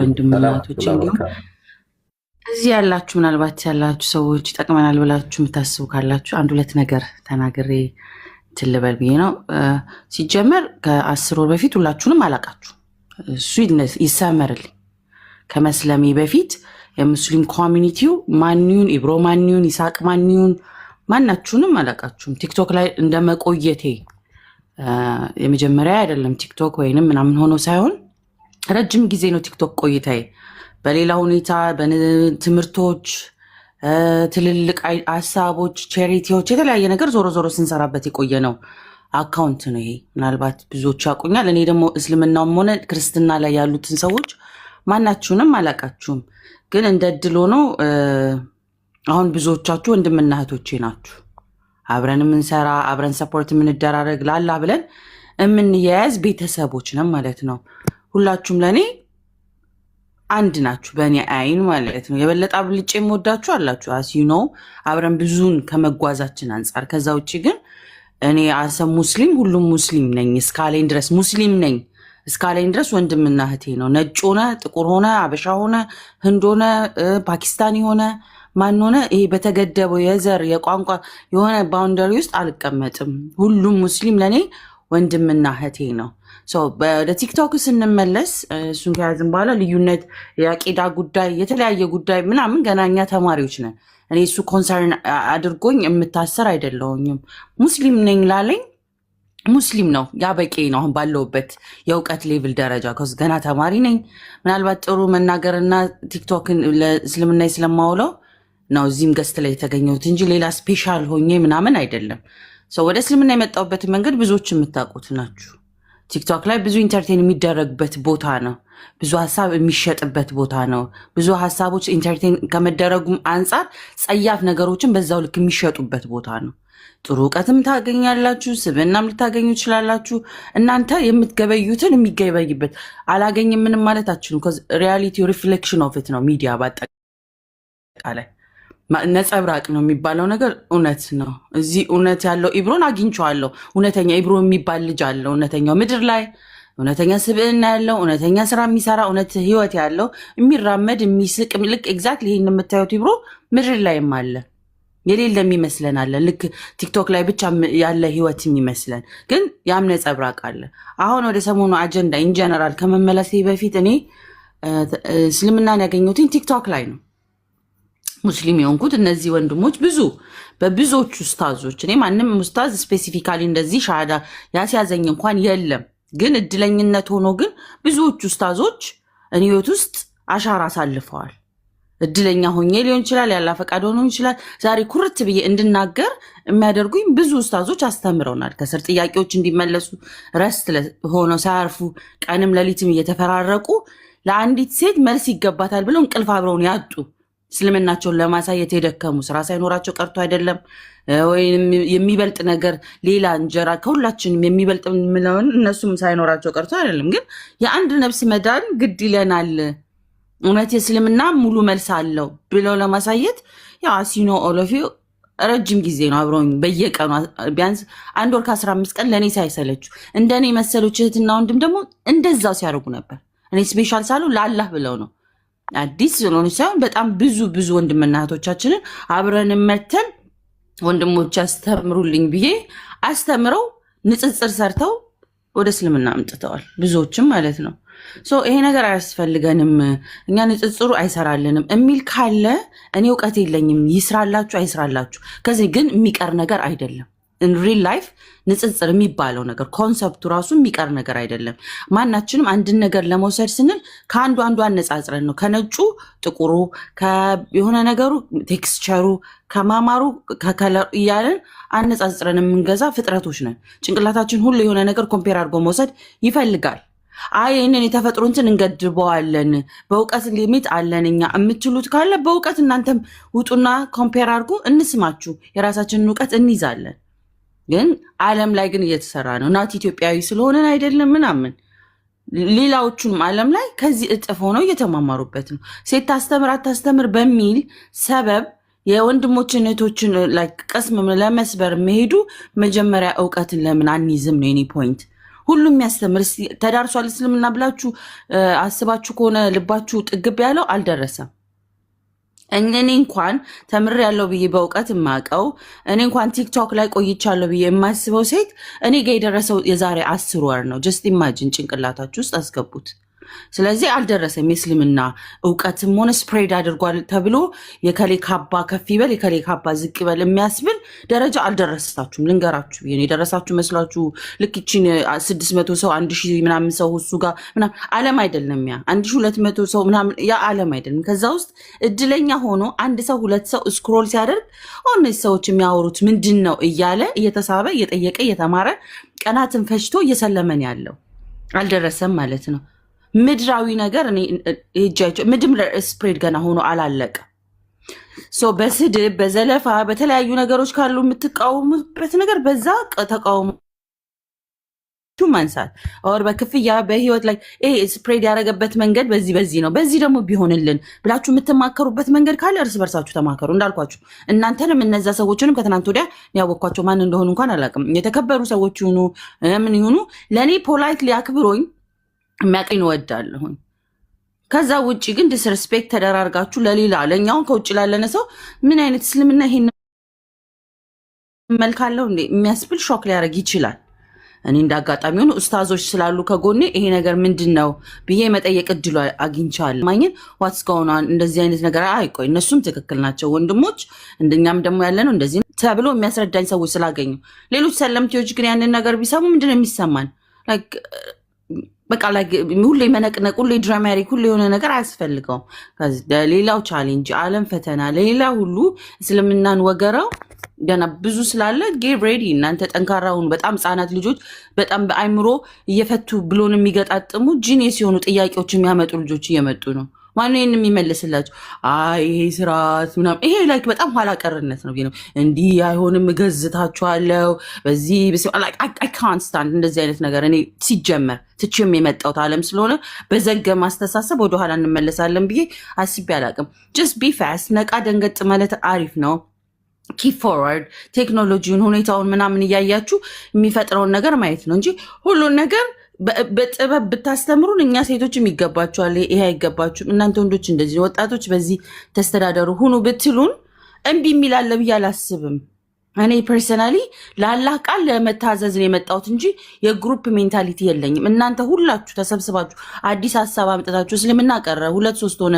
ወንድምናቶች እንዲሁም እዚህ ያላችሁ ምናልባት ያላችሁ ሰዎች ይጠቅመናል ብላችሁ የምታስቡ ካላችሁ አንድ ሁለት ነገር ተናግሬ ትልበል ብዬ ነው። ሲጀመር ከአስር ወር በፊት ሁላችሁንም አላቃችሁ እሱ ይሰመርልኝ። ከመስለሜ በፊት የሙስሊም ኮሚኒቲው ማንዩን፣ ኢብሮ ማንዩን፣ ይሳቅ ማንዩን ማናችሁንም አላቃችሁም። ቲክቶክ ላይ እንደመቆየቴ የመጀመሪያ አይደለም ቲክቶክ ወይንም ምናምን ሆኖ ሳይሆን ረጅም ጊዜ ነው ቲክቶክ ቆይታዬ። በሌላ ሁኔታ ትምህርቶች፣ ትልልቅ ሀሳቦች፣ ቼሪቲዎች፣ የተለያየ ነገር ዞሮ ዞሮ ስንሰራበት የቆየ ነው አካውንት ነው ይሄ። ምናልባት ብዙዎች ያውቁኛል። እኔ ደግሞ እስልምናውም ሆነ ክርስትና ላይ ያሉትን ሰዎች ማናችሁንም አላውቃችሁም፣ ግን እንደ እድል ሆኖ አሁን ብዙዎቻችሁ ወንድምና እህቶቼ ናችሁ። አብረን የምንሰራ አብረን ሰፖርት የምንደራረግ ላላ ብለን የምንያያዝ ቤተሰቦች ነን ማለት ነው። ሁላችሁም ለእኔ አንድ ናችሁ፣ በእኔ አይን ማለት ነው። የበለጠ አብልጬ የምወዳችሁ አላችሁ አስዩ ነው አብረን ብዙን ከመጓዛችን አንጻር። ከዛ ውጭ ግን እኔ አሰ ሙስሊም ሁሉም ሙስሊም ነኝ እስካለኝ ድረስ ሙስሊም ነኝ እስካለኝ ድረስ ወንድምና እህቴ ነው። ነጭ ሆነ ጥቁር ሆነ አበሻ ሆነ ህንድ ሆነ ፓኪስታኒ ሆነ ማን ሆነ ይሄ በተገደበው የዘር የቋንቋ የሆነ ባውንደሪ ውስጥ አልቀመጥም። ሁሉም ሙስሊም ለእኔ ወንድምና እህቴ ነው። ወደ ቲክቶክ ስንመለስ እሱን ከያዝን በኋላ ልዩነት የአቂዳ ጉዳይ የተለያየ ጉዳይ ምናምን ገና እኛ ተማሪዎች ነን። እኔ እሱ ኮንሰርን አድርጎኝ የምታሰር አይደለውኝም። ሙስሊም ነኝ ላለኝ ሙስሊም ነው ያ በቂ ነው። አሁን ባለሁበት የእውቀት ሌቭል ደረጃ ከዚ ገና ተማሪ ነኝ። ምናልባት ጥሩ መናገርና ቲክቶክን ለእስልምና ስለማውለው ነው እዚህም ገስት ላይ የተገኘሁት እንጂ ሌላ ስፔሻል ሆኜ ምናምን አይደለም። ሰው ወደ እስልምና የመጣሁበትን መንገድ ብዙዎች የምታውቁት ናችሁ። ቲክቶክ ላይ ብዙ ኢንተርቴን የሚደረግበት ቦታ ነው። ብዙ ሀሳብ የሚሸጥበት ቦታ ነው። ብዙ ሀሳቦች ኢንተርቴን ከመደረጉም አንጻር ጸያፍ ነገሮችን በዛው ልክ የሚሸጡበት ቦታ ነው። ጥሩ እውቀትም ታገኛላችሁ፣ ስብናም ልታገኙ ይችላላችሁ። እናንተ የምትገበዩትን የሚገበይበት አላገኝ ምንም ማለት ሪያሊቲ ሪፍሌክሽን ኦፍ ኢት ነው ሚዲያ በአጠቃላይ ነጸብራቅ ነው የሚባለው ነገር እውነት ነው። እዚህ እውነት ያለው ኢብሮን አግኝቼዋለሁ። እውነተኛ ኢብሮ የሚባል ልጅ አለው። እውነተኛው ምድር ላይ እውነተኛ ስብዕና ያለው እውነተኛ ስራ የሚሰራ እውነት ህይወት ያለው የሚራመድ የሚስቅ ልክ ኤግዛክት ይሄን የምታዩት ብሮ ምድር ላይም አለ የሌለ የሚመስለን አለ። ልክ ቲክቶክ ላይ ብቻ ያለ ህይወት የሚመስለን ግን ያም ነጸብራቅ አለ። አሁን ወደ ሰሞኑ አጀንዳ ኢንጀነራል ከመመለሴ በፊት እኔ እስልምናን ያገኘሁትኝ ቲክቶክ ላይ ነው። ሙስሊም የሆንኩት እነዚህ ወንድሞች ብዙ በብዙዎቹ ኡስታዞች እኔ ማንም ኡስታዝ ስፔሲፊካሊ እንደዚህ ሻሃዳ ያስያዘኝ እንኳን የለም። ግን እድለኝነት ሆኖ ግን ብዙዎቹ ኡስታዞች እኔ ህይወት ውስጥ አሻራ አሳልፈዋል። እድለኛ ሆኜ ሊሆን ይችላል፣ ያላ ፈቃድ ሆኖ ይችላል። ዛሬ ኩርት ብዬ እንድናገር የሚያደርጉኝ ብዙ ኡስታዞች አስተምረውናል። ከስር ጥያቄዎች እንዲመለሱ ረስት ሆነው ሳያርፉ ቀንም ሌሊትም እየተፈራረቁ ለአንዲት ሴት መልስ ይገባታል ብለው እንቅልፍ አብረውን ያጡ እስልምናቸውን ለማሳየት የደከሙ ስራ ሳይኖራቸው ቀርቶ አይደለም፣ ወይም የሚበልጥ ነገር ሌላ እንጀራ ከሁላችንም የሚበልጥ የምለውን እነሱም ሳይኖራቸው ቀርቶ አይደለም። ግን የአንድ ነፍስ መዳን ግድ ይለናል፣ እውነት የእስልምና ሙሉ መልስ አለው ብለው ለማሳየት ያው አሲኖ ረጅም ጊዜ ነው አብረውኝ በየቀኑ ቢያንስ አንድ ወር ከአስራ አምስት ቀን ለእኔ ሳይሰለችው እንደኔ መሰሎች እህትና ወንድም ደግሞ እንደዛው ሲያደርጉ ነበር። እኔ ስፔሻል ሳሉ ለአላህ ብለው ነው አዲስ ስለሆነች ሳይሆን በጣም ብዙ ብዙ ወንድምና እህቶቻችንን አብረን መተን ወንድሞች አስተምሩልኝ ብዬ አስተምረው ንጽጽር ሰርተው ወደ እስልምና አምጥተዋል። ብዙዎችም ማለት ነው። ይሄ ነገር አያስፈልገንም፣ እኛ ንጽጽሩ አይሰራልንም የሚል ካለ እኔ እውቀት የለኝም። ይስራላችሁ አይስራላችሁ፣ ከዚህ ግን የሚቀር ነገር አይደለም። ሪል ላይፍ ንጽጽር የሚባለው ነገር ኮንሰፕቱ ራሱ የሚቀር ነገር አይደለም። ማናችንም አንድን ነገር ለመውሰድ ስንል ከአንዱ አንዱ አነጻጽረን ነው። ከነጩ ጥቁሩ፣ የሆነ ነገሩ፣ ቴክስቸሩ፣ ከማማሩ ከከለሩ እያለን አነጻጽረን የምንገዛ ፍጥረቶች ነን። ጭንቅላታችን ሁሉ የሆነ ነገር ኮምፔር አድርጎ መውሰድ ይፈልጋል። አይ ይህንን የተፈጥሮ እንትን እንገድበዋለን፣ በእውቀት ሊሚት አለን እኛ። የምትሉት ካለ በእውቀት እናንተም ውጡና ኮምፔር አድርጎ እንስማችሁ፣ የራሳችንን እውቀት እንይዛለን። ግን ዓለም ላይ ግን እየተሰራ ነው። እናት ኢትዮጵያዊ ስለሆነን አይደለም ምናምን ሌላዎቹንም ዓለም ላይ ከዚህ እጥፍ ሆነው እየተማማሩበት ነው። ሴት ታስተምር አታስተምር በሚል ሰበብ የወንድሞችን እህቶችን ቅስም ለመስበር መሄዱ መጀመሪያ እውቀትን ለምን አንይዝም ነው የኔ ፖይንት። ሁሉም ያስተምር ተዳርሷል እስልምና ብላችሁ አስባችሁ ከሆነ ልባችሁ ጥግብ ያለው አልደረሰም። እኔ እንኳን ተምር ያለው ብዬ በእውቀት የማውቀው እኔ እንኳን ቲክቶክ ላይ ቆይቻለሁ ብዬ የማስበው ሴት እኔ ጋ የደረሰው የዛሬ አስር ወር ነው። ጀስት ኢማጅን ጭንቅላታችሁ ውስጥ አስገቡት። ስለዚህ አልደረሰም። የእስልምና እውቀትም ሆነ ስፕሬድ አድርጓል ተብሎ የከሌ ካባ ከፍ ይበል የከሌ ካባ ዝቅ ይበል የሚያስብል ደረጃ አልደረሳችሁም። ልንገራችሁ የደረሳችሁ መስሏችሁ ልክ ስድስት መቶ ሰው አንድ ሺ ምናምን ሰው እሱ ጋር ምናምን አይደለም ያ አንድ ሺ ሁለት መቶ ሰው ምናምን ያ አለም አይደለም። ከዛ ውስጥ እድለኛ ሆኖ አንድ ሰው ሁለት ሰው ስክሮል ሲያደርግ እነዚህ ሰዎች የሚያወሩት ምንድን ነው እያለ እየተሳበ እየጠየቀ እየተማረ ቀናትን ፈጅቶ እየሰለመን ያለው አልደረሰም ማለት ነው። ምድራዊ ነገር ምድም ስፕሬድ ገና ሆኖ አላለቀ። በስድብ በዘለፋ በተለያዩ ነገሮች ካሉ የምትቃወሙበት ነገር በዛ ተቃውሞ ማንሳት ኦር በክፍያ በህይወት ላይ ስፕሬድ ያደረገበት መንገድ በዚህ በዚህ ነው፣ በዚህ ደግሞ ቢሆንልን ብላችሁ የምትማከሩበት መንገድ ካለ እርስ በርሳችሁ ተማከሩ። እንዳልኳችሁ እናንተንም እነዛ ሰዎችንም ከትናንት ወዲያ ያወቅኳቸው ማን እንደሆኑ እንኳን አላውቅም። የተከበሩ ሰዎች ይሁኑ ምን ይሁኑ ለእኔ ፖላይት አክብሮኝ የሚያቀኝ እወዳለሁኝ። ከዛ ውጭ ግን ዲስሬስፔክት ተደራርጋችሁ ለሌላ ለእኛውን ከውጭ ላለነ ሰው ምን አይነት እስልምና ይሄን መልካለው እንዴ የሚያስብል ሾክ ሊያደርግ ይችላል። እኔ እንደ አጋጣሚ ሆኑ ኡስታዞች ስላሉ ከጎኔ ይሄ ነገር ምንድን ነው ብዬ መጠየቅ እድሉ አግኝቻለሁ። ማግኘት ዋትስ ከሆኗን እንደዚህ አይነት ነገር አይቆይ እነሱም ትክክል ናቸው ወንድሞች፣ እንደኛም ደግሞ ያለ ነው እንደዚህ ተብሎ የሚያስረዳኝ ሰዎች ስላገኙ፣ ሌሎች ሰለምቴዎች ግን ያንን ነገር ቢሰሙ ምንድን ነው የሚሰማን? በቃ ሁሌ መነቅነቅ፣ ሁሌ ድራማሪክ፣ ሁሌ የሆነ ነገር አያስፈልገውም። ለሌላው ቻሌንጅ አለም ፈተና፣ ለሌላ ሁሉ እስልምናን ወገረው ገና ብዙ ስላለ ጌት ሬዲ እናንተ ጠንካራውን በጣም ህጻናት ልጆች በጣም በአይምሮ እየፈቱ ብሎን የሚገጣጥሙ ጂኔ ሲሆኑ ጥያቄዎች የሚያመጡ ልጆች እየመጡ ነው። ማን ይህን የሚመልስላቸው? አይ ይሄ ስርዓት ምናምን ይሄ ላይክ በጣም ኋላ ቀርነት ነው። ነው እንዲህ አይሆንም፣ እገዝታችኋለሁ በዚህ ካንስታንት እንደዚህ አይነት ነገር እኔ ሲጀመር ትቼም የመጣሁት ዓለም ስለሆነ በዘገ ማስተሳሰብ ወደኋላ እንመለሳለን ብዬ አስቤ አላቅም። ጀስት ቢ ፋስት ነቃ ደንገጥ ማለት አሪፍ ነው። ኪፕ ፎርዋርድ ቴክኖሎጂውን ሁኔታውን ምናምን እያያችሁ የሚፈጥረውን ነገር ማየት ነው እንጂ ሁሉን ነገር በጥበብ ብታስተምሩን እኛ ሴቶችም ይገባችኋል፣ ይሄ አይገባችሁም፣ እናንተ ወንዶች እንደዚህ ወጣቶች በዚህ ተስተዳደሩ ሁኑ ብትሉን እምቢ የሚላለ ብዬ አላስብም። እኔ ፐርሰናሊ ለአላህ ቃል ለመታዘዝ ነው የመጣሁት እንጂ የግሩፕ ሜንታሊቲ የለኝም። እናንተ ሁላችሁ ተሰብስባችሁ አዲስ ሀሳብ አምጥታችሁ እስልምና ቀረ ሁለት ሶስት ሆነ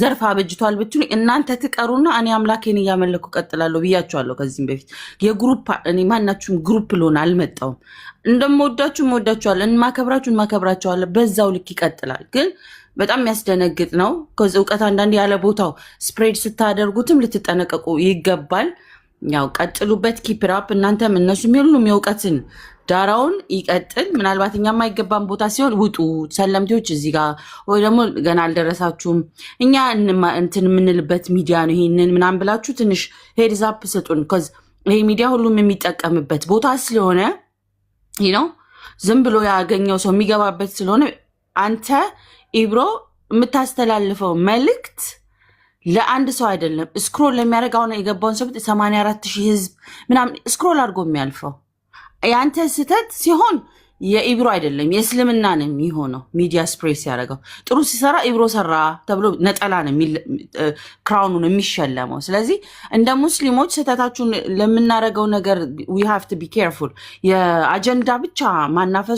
ዘርፍ አበጅቷል ብትሉ እናንተ ትቀሩና እኔ አምላኬን እያመለኩ ቀጥላለሁ ብያችኋለሁ ከዚህም በፊት። የግሩፕ እኔ ማናችሁም ግሩፕ ልሆን አልመጣውም። እንደምወዳችሁ እወዳችኋለሁ፣ እንማከብራችሁ እንማከብራችኋለሁ። በዛው ልክ ይቀጥላል ግን በጣም የሚያስደነግጥ ነው። እውቀት አንዳንድ ያለ ቦታው ስፕሬድ ስታደርጉትም ልትጠነቀቁ ይገባል። ያው ቀጥሉበት፣ ኪፕራፕ እናንተም እነሱም ሁሉም የእውቀትን ዳራውን ይቀጥል። ምናልባት እኛ የማይገባን ቦታ ሲሆን ውጡ፣ ሰለምቴዎች እዚህ ጋር ወይ ደግሞ ገና አልደረሳችሁም እኛ እንትን የምንልበት ሚዲያ ነው ይሄንን ምናምን ብላችሁ ትንሽ ሄድዛፕ ስጡን። ከዚ ይሄ ሚዲያ ሁሉም የሚጠቀምበት ቦታ ስለሆነ ነው። ዝም ብሎ ያገኘው ሰው የሚገባበት ስለሆነ አንተ ኢብሮ የምታስተላልፈው መልእክት ለአንድ ሰው አይደለም ስክሮል ለሚያደርግ አሁን የገባውን ሰው ሰማንያ ሺህ ህዝብ ምናምን ስክሮል አድርጎ የሚያልፈው የአንተ ስህተት ሲሆን የኢብሮ አይደለም የእስልምና ነው የሚሆነው። ሚዲያ ስፕሬስ ያደረገው ጥሩ ሲሰራ ኢብሮ ሰራ ተብሎ ነጠላ ነው ክራውኑን የሚሸለመው። ስለዚህ እንደ ሙስሊሞች ስህተታችሁን ለምናደርገው ነገር ዊ ሃቭ ቱ ቢ ኬርፉል። የአጀንዳ ብቻ ማናፈሱ